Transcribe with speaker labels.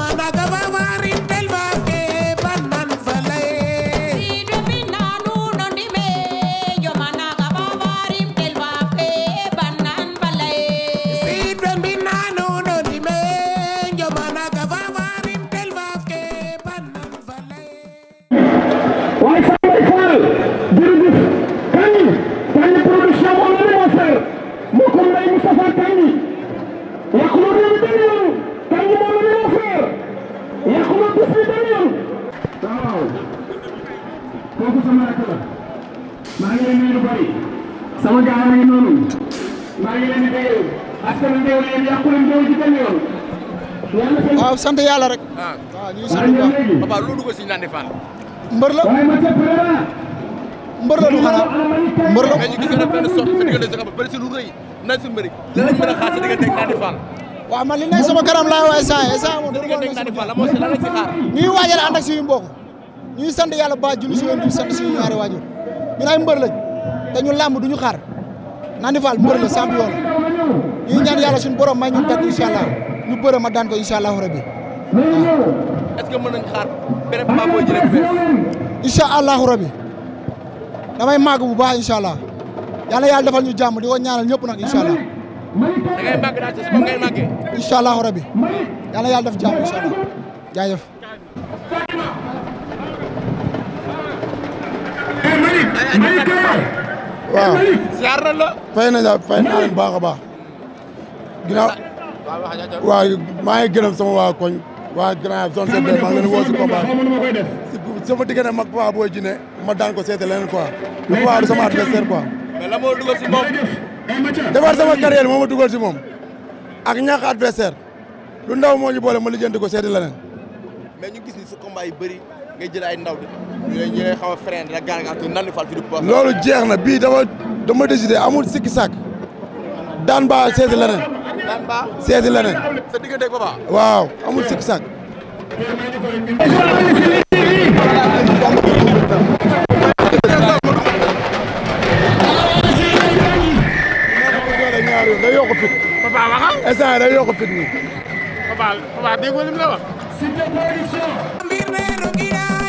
Speaker 1: Mandaga maa ngi leen di nuyu bëri sama gars yi noonu maa ngi leen di déglu askan wi déglu leen yàqu leen déglu ci benn yoon. waaw sant yàlla rek.
Speaker 2: Ah. waaw ñu ngi sant bu baax papa lu dugg si Nandi Fall.
Speaker 1: mbër la mbër la du xanaa mbër la. mais ñu
Speaker 2: gis nga benn sox sa diggante sa xam bëri si lu rëy na si mbëri lan lañ mën a xaar sa diggante ak Nandi Fall.
Speaker 1: waaw man li nekk sama kanam laay waaye saa yi saa yi moom. dëgg la dëgg la Nandi Fall la moo si lan lañ si xaar. ñu ngi waajal ànd ak suñu mbokk ñuy sant yàlla bu baax si leen di sant suñu ñaari waajur ñun ay mbër te ñu làmb duñu xar xaar Nandy Fall mbër la yàlla suñu borom may ñu tat incha allah ñu bëre ma daan ko incha allah rabbi est allah rabbi damay màgg bu baax incha allah yàlla yàlla defal ñu jàmm di ko ñaanal ñëpp nag incha allah. da allah rabbi yàlla yàlla def jàmm incha allah jaajëf.
Speaker 2: waaw la. fay nañ la fay naa leen baax a baax. ginnaaw waaw maa ngi gërëm sama waa koñ. waa Grand zone CEDE maa ngi leen woo si combat si sama diggante mag Papa Boy Djiné ma daan ko seete leneen quoi. Papa du sama adversaire quoi. mais la moo dugal si moom. defar sama carrière moo ma dugal si moom. ak ñàkk adversaire lu ndaw moo ñu boole ma lijjanti ko seete leneen. mais ñu gis ni sa combat yi bëri. ngay jël ay loolu jeex na bii dama dama décidé amul sikki sàkk daan baa seeti leneen. daan baa seeti leneen. waaw amul sikki sàkk. papa waxal. yokk fit nii. papa papa déggoo lim la Cité Production.